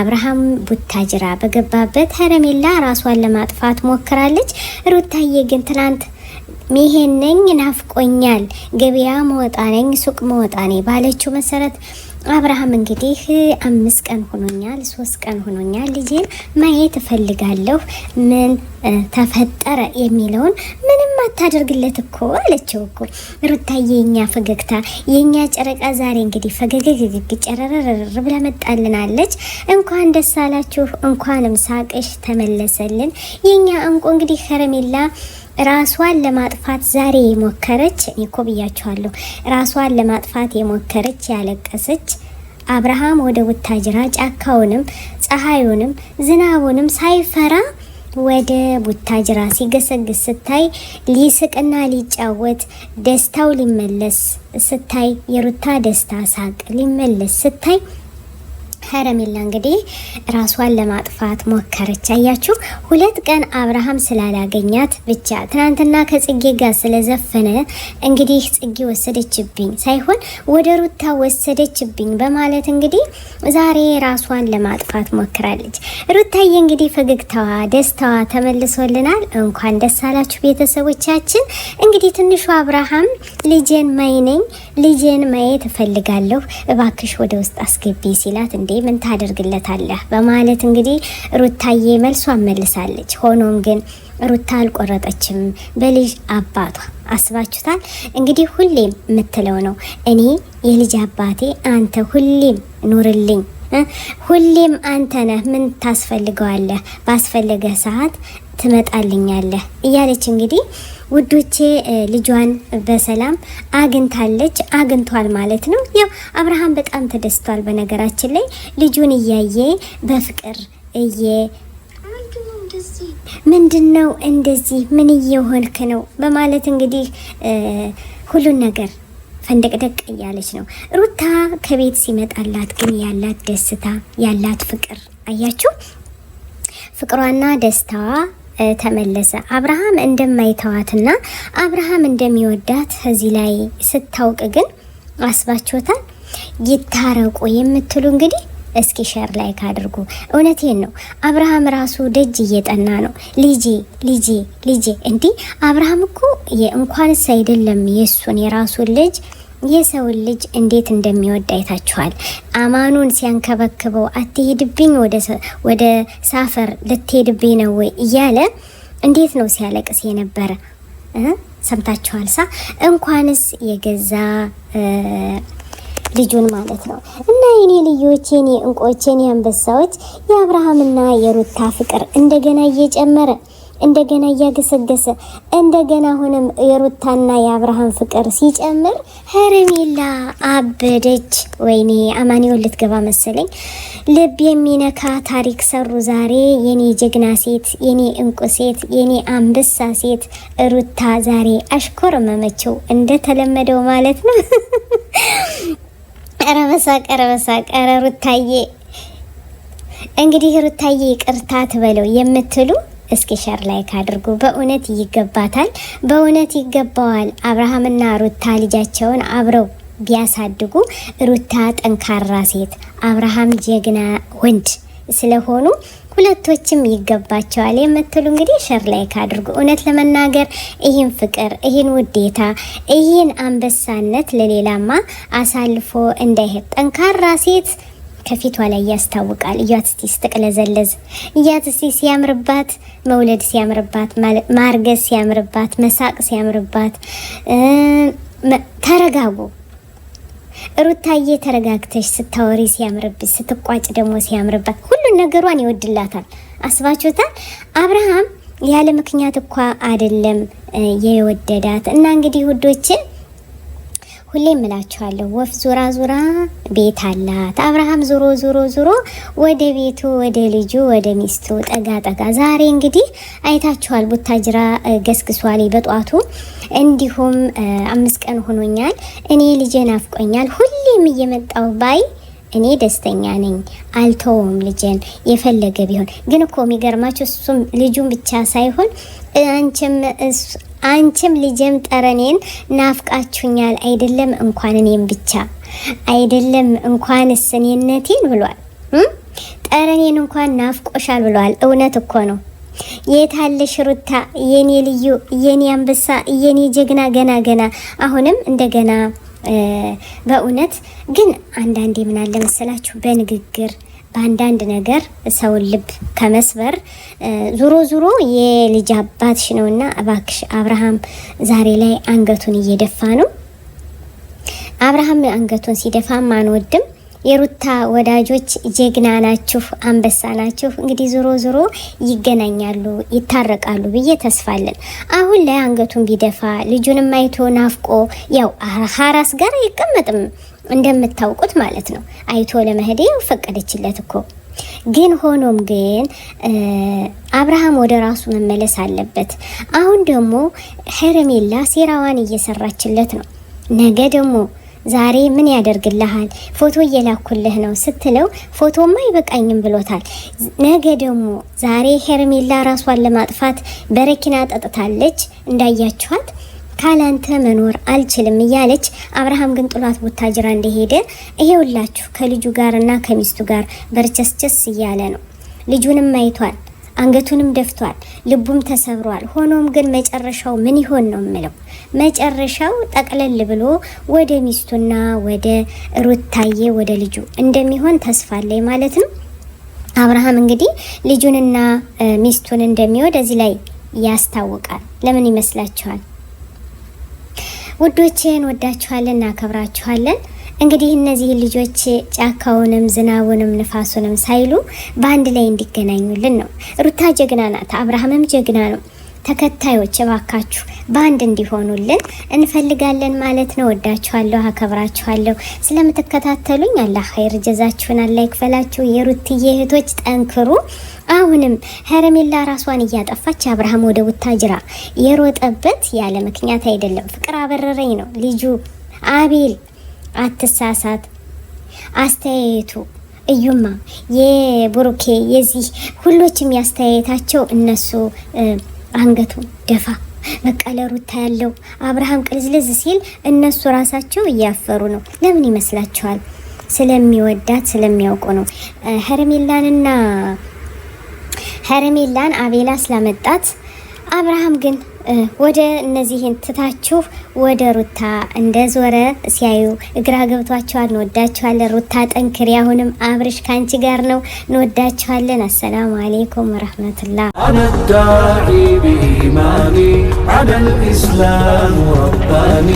አብርሃም ቡታጅራ በገባበት ሄርሜላ ራሷን ለማጥፋት ሞክራለች። ሩታዬ ግን ትናንት ሚሄነኝ ናፍቆኛል፣ ገበያ መወጣ ነኝ፣ ሱቅ መወጣ ነኝ ባለችው መሰረት አብርሃም እንግዲህ አምስት ቀን ሆኖኛል፣ ሶስት ቀን ሆኖኛል፣ ልጄን ማየት እፈልጋለሁ፣ ምን ተፈጠረ የሚለውን ብታደርግለት እኮ አለችው እኮ ሩታዬ፣ የኛ ፈገግታ፣ የኛ ጨረቃ ዛሬ እንግዲህ ፈገገግግ ጨረረር ብላ መጣልን አለች። እንኳን ደስ አላችሁ፣ እንኳንም ሳቅሽ ተመለሰልን። የኛ እንቁ እንግዲህ ከረሜላ ራሷን ለማጥፋት ዛሬ የሞከረች እኮ ብያችኋለሁ። ራሷን ለማጥፋት የሞከረች ያለቀሰች አብርሃም ወደ ውታጅራ ጫካውንም ፀሐዩንም ዝናቡንም ሳይፈራ ወደ ቡታጅራ ሲገሰግስ ስታይ ሊስቅና ሊጫወት ደስታው ሊመለስ ስታይ የሩታ ደስታ ሳቅ ሊመለስ ስታይ ሄርሜላ እንግዲህ ራሷን ለማጥፋት ሞከረች። አያችሁ ሁለት ቀን አብርሃም ስላላገኛት ብቻ ትናንትና ከጽጌ ጋር ስለዘፈነ እንግዲህ ጽጌ ወሰደችብኝ ሳይሆን ወደ ሩታ ወሰደችብኝ በማለት እንግዲህ ዛሬ ራሷን ለማጥፋት ሞክራለች። ሩታዬ እንግዲህ ፈገግታዋ፣ ደስታዋ ተመልሶልናል። እንኳን ደስ አላችሁ ቤተሰቦቻችን። እንግዲህ ትንሹ አብርሃም ልጄን ማይነኝ ልጄን ማየት እፈልጋለሁ እባክሽ ወደ ውስጥ አስገቢ ሲላት እንዴ ምን ታደርግለታለህ በማለት እንግዲህ ሩታዬ መልሷን መልሳለች። ሆኖም ግን ሩታ አልቆረጠችም በልጅ አባቷ። አስባችሁታል እንግዲህ ሁሌም የምትለው ነው፣ እኔ የልጅ አባቴ አንተ ሁሌም ኑርልኝ ሁሌም አንተ ነህ፣ ምን ታስፈልገዋለህ? ባስፈለገ ሰዓት ትመጣልኛለህ እያለች እንግዲህ ውዶቼ ልጇን በሰላም አግኝታለች አግኝቷል ማለት ነው። ያው አብርሃም በጣም ተደስቷል። በነገራችን ላይ ልጁን እያየ በፍቅር እየ ምንድን ነው እንደዚህ ምን እየሆንክ ነው በማለት እንግዲህ ሁሉን ነገር ፈንደቅደቅ እያለች ነው። ሩታ ከቤት ሲመጣላት ግን ያላት ደስታ ያላት ፍቅር አያችሁ፣ ፍቅሯና ደስታዋ ተመለሰ። አብርሃም እንደማይተዋትና አብርሃም እንደሚወዳት እዚህ ላይ ስታውቅ ግን አስባችሁታል። ይታረቁ የምትሉ እንግዲህ እስኪ ሸር ላይክ አድርጉ። እውነቴን ነው። አብርሃም ራሱ ደጅ እየጠና ነው። ልጄ ልጄ ልጄ እንዲህ አብርሃም እኮ እንኳንስ አይደለም የእሱን የራሱን ልጅ የሰውን ልጅ እንዴት እንደሚወድ አይታችኋል። አማኑን ሲያንከበክበው አትሄድብኝ፣ ወደ ሳፈር ልትሄድብኝ ነው ወይ እያለ እንዴት ነው ሲያለቅስ የነበረ ሰምታችኋል። ሳ እንኳንስ የገዛ ልጁን ማለት ነው። እና የኔ ልጆች፣ የኔ እንቆች፣ የኔ አንበሳዎች የአብርሃምና የሩታ ፍቅር እንደገና እየጨመረ እንደገና እያገሰገሰ እንደገና አሁንም የሩታና የአብርሃም ፍቅር ሲጨምር ሄርሜላ አበደች። ወይኔ አማኑኤል ልትገባ መሰለኝ። ልብ የሚነካ ታሪክ ሰሩ ዛሬ። የኔ ጀግና ሴት፣ የኔ እንቁ ሴት፣ የኔ አንበሳ ሴት ሩታ ዛሬ አሽኮረመመችው እንደተለመደው ማለት ነው። ቀረበሳ ቀረበሳ ቀረ ሩታዬ። እንግዲህ ሩታዬ ይቅርታ ትበለው የምትሉ እስኪ ሸር ላይክ አድርጉ። በእውነት ይገባታል፣ በእውነት ይገባዋል። አብርሃምና ሩታ ልጃቸውን አብረው ቢያሳድጉ ሩታ ጠንካራ ሴት፣ አብርሃም ጀግና ወንድ ስለሆኑ ሁለቶችም ይገባቸዋል የምትሉ እንግዲህ ሸር ላይክ አድርጉ። እውነት ለመናገር ይህን ፍቅር፣ ይህን ውዴታ፣ ይህን አንበሳነት ለሌላማ አሳልፎ እንዳይሄድ ጠንካራ ሴት ከፊቷ ላይ ያስታውቃል። እያት እስቲ ስትቅለዘለዝ፣ እያት እስቲ ሲያምርባት፣ መውለድ ሲያምርባት፣ ማርገዝ ሲያምርባት፣ መሳቅ ሲያምርባት። ተረጋጉ ሩታዬ ተረጋግተሽ ስታወሪ ሲያምርብሽ፣ ስትቋጭ ደግሞ ሲያምርባት፣ ሁሉን ነገሯን ይወድላታል። አስባችሁታል? አብርሃም ያለ ምክንያት እኳ አይደለም የወደዳት እና እንግዲህ ውዶችን ሁሌም እላችኋለሁ ወፍ ዙራ ዙራ ቤት አላት። አብርሃም ዞሮ ዞሮ ዞሮ ወደ ቤቱ ወደ ልጁ ወደ ሚስቱ ጠጋ ጠጋ። ዛሬ እንግዲህ አይታችኋል፣ ቡታጅራ ገስግሷል በጧቱ። እንዲሁም አምስት ቀን ሆኖኛል እኔ ልጄ ናፍቆኛል ሁሌም እየመጣው ባይ እኔ ደስተኛ ነኝ፣ አልተውም ልጄን የፈለገ ቢሆን። ግን እኮ የሚገርማቸው እሱም ልጁን ብቻ ሳይሆን አንቺም አንቺም ልጄም ጠረኔን ናፍቃችሁኛል አይደለም? እንኳን እኔም ብቻ አይደለም እንኳን ስኔነቴን ብሏል። ጠረኔን እንኳን ናፍቆሻል ብሏል። እውነት እኮ ነው። የታለሽ ሩታ የኔ ልዩ፣ የኔ አንበሳ፣ የኔ ጀግና ገና ገና አሁንም እንደገና በእውነት ግን አንዳንዴ ምን አለ መሰላችሁ በንግግር በአንዳንድ ነገር ሰውን ልብ ከመስበር ዙሮ ዙሮ የልጅ አባትሽ ነው ነውና እባክሽ አብርሃም ዛሬ ላይ አንገቱን እየደፋ ነው። አብርሃም አንገቱን ሲደፋ ማንወድም የሩታ ወዳጆች ጀግና ናችሁ፣ አንበሳ ናችሁ። እንግዲህ ዞሮ ዞሮ ይገናኛሉ፣ ይታረቃሉ ብዬ ተስፋለን። አሁን ላይ አንገቱን ቢደፋ ልጁንም አይቶ ናፍቆ ያው ሀራስ ጋር አይቀመጥም እንደምታውቁት ማለት ነው። አይቶ ለመሄድ ያው ፈቀደችለት እኮ ግን ሆኖም ግን አብርሃም ወደ ራሱ መመለስ አለበት። አሁን ደግሞ ሄርሜላ ሴራዋን እየሰራችለት ነው። ነገ ደግሞ ዛሬ ምን ያደርግልሃል ፎቶ እየላኩልህ ነው ስትለው ፎቶማ አይበቃኝም ብሎታል። ነገ ደግሞ ዛሬ ሄርሜላ ራሷን ለማጥፋት በረኪና ጠጥታለች እንዳያችኋት ካላንተ መኖር አልችልም እያለች አብርሃም ግን ጥሏት ቡታጅራ እንደሄደ ይሄውላችሁ ከልጁ ጋርና ከሚስቱ ጋር በርቸስቸስ እያለ ነው። ልጁንም አይቷል። አንገቱንም ደፍቷል፣ ልቡም ተሰብሯል። ሆኖም ግን መጨረሻው ምን ይሆን ነው የምለው። መጨረሻው ጠቅለል ብሎ ወደ ሚስቱና ወደ ሩታዬ ወደ ልጁ እንደሚሆን ተስፋ አለኝ ማለት ነው። አብርሃም እንግዲህ ልጁንና ሚስቱን እንደሚወድ እዚህ ላይ ያስታውቃል። ለምን ይመስላችኋል? ውዶቼን ወዳችኋለን፣ እናከብራችኋለን። እንግዲህ እነዚህ ልጆች ጫካውንም ዝናቡንም ንፋሱንም ሳይሉ በአንድ ላይ እንዲገናኙልን ነው። ሩታ ጀግና ናት፣ አብርሃምም ጀግና ነው። ተከታዮች እባካችሁ በአንድ እንዲሆኑልን እንፈልጋለን ማለት ነው። ወዳችኋለሁ፣ አከብራችኋለሁ። ስለምትከታተሉኝ አላህ ኸይር ጀዛችሁን አላህ ይክፈላችሁ። የሩትዬ እህቶች ጠንክሩ። አሁንም ሄርሜላ ራሷን እያጠፋች አብርሃም ወደ ቡታጅራ የሮጠበት ያለ ምክንያት አይደለም። ፍቅር አበረረኝ ነው ልጁ አቤል አትሳሳት። አስተያየቱ እዩማ የቡሩኬ የዚህ ሁሎችም ያስተያየታቸው እነሱ አንገቱ ደፋ በቃ ያለው አብርሃም ቅልዝልዝ ሲል እነሱ ራሳቸው እያፈሩ ነው። ለምን ይመስላችኋል? ስለሚወዳት ስለሚያውቁ ነው። ሄርሜላንና ሄርሜላን አቤላ ስላመጣት አብርሃም ግን ወደ እነዚህን ትታችሁ ወደ ሩታ እንደ ዞረ ሲያዩ እግራ ገብቷቸዋል። እንወዳችኋለን። ሩታ ጠንክሪ፣ አሁንም አብርሽ ከአንቺ ጋር ነው። እንወዳችኋለን። አሰላሙ አሌይኩም ወረህመቱላ ረባኒ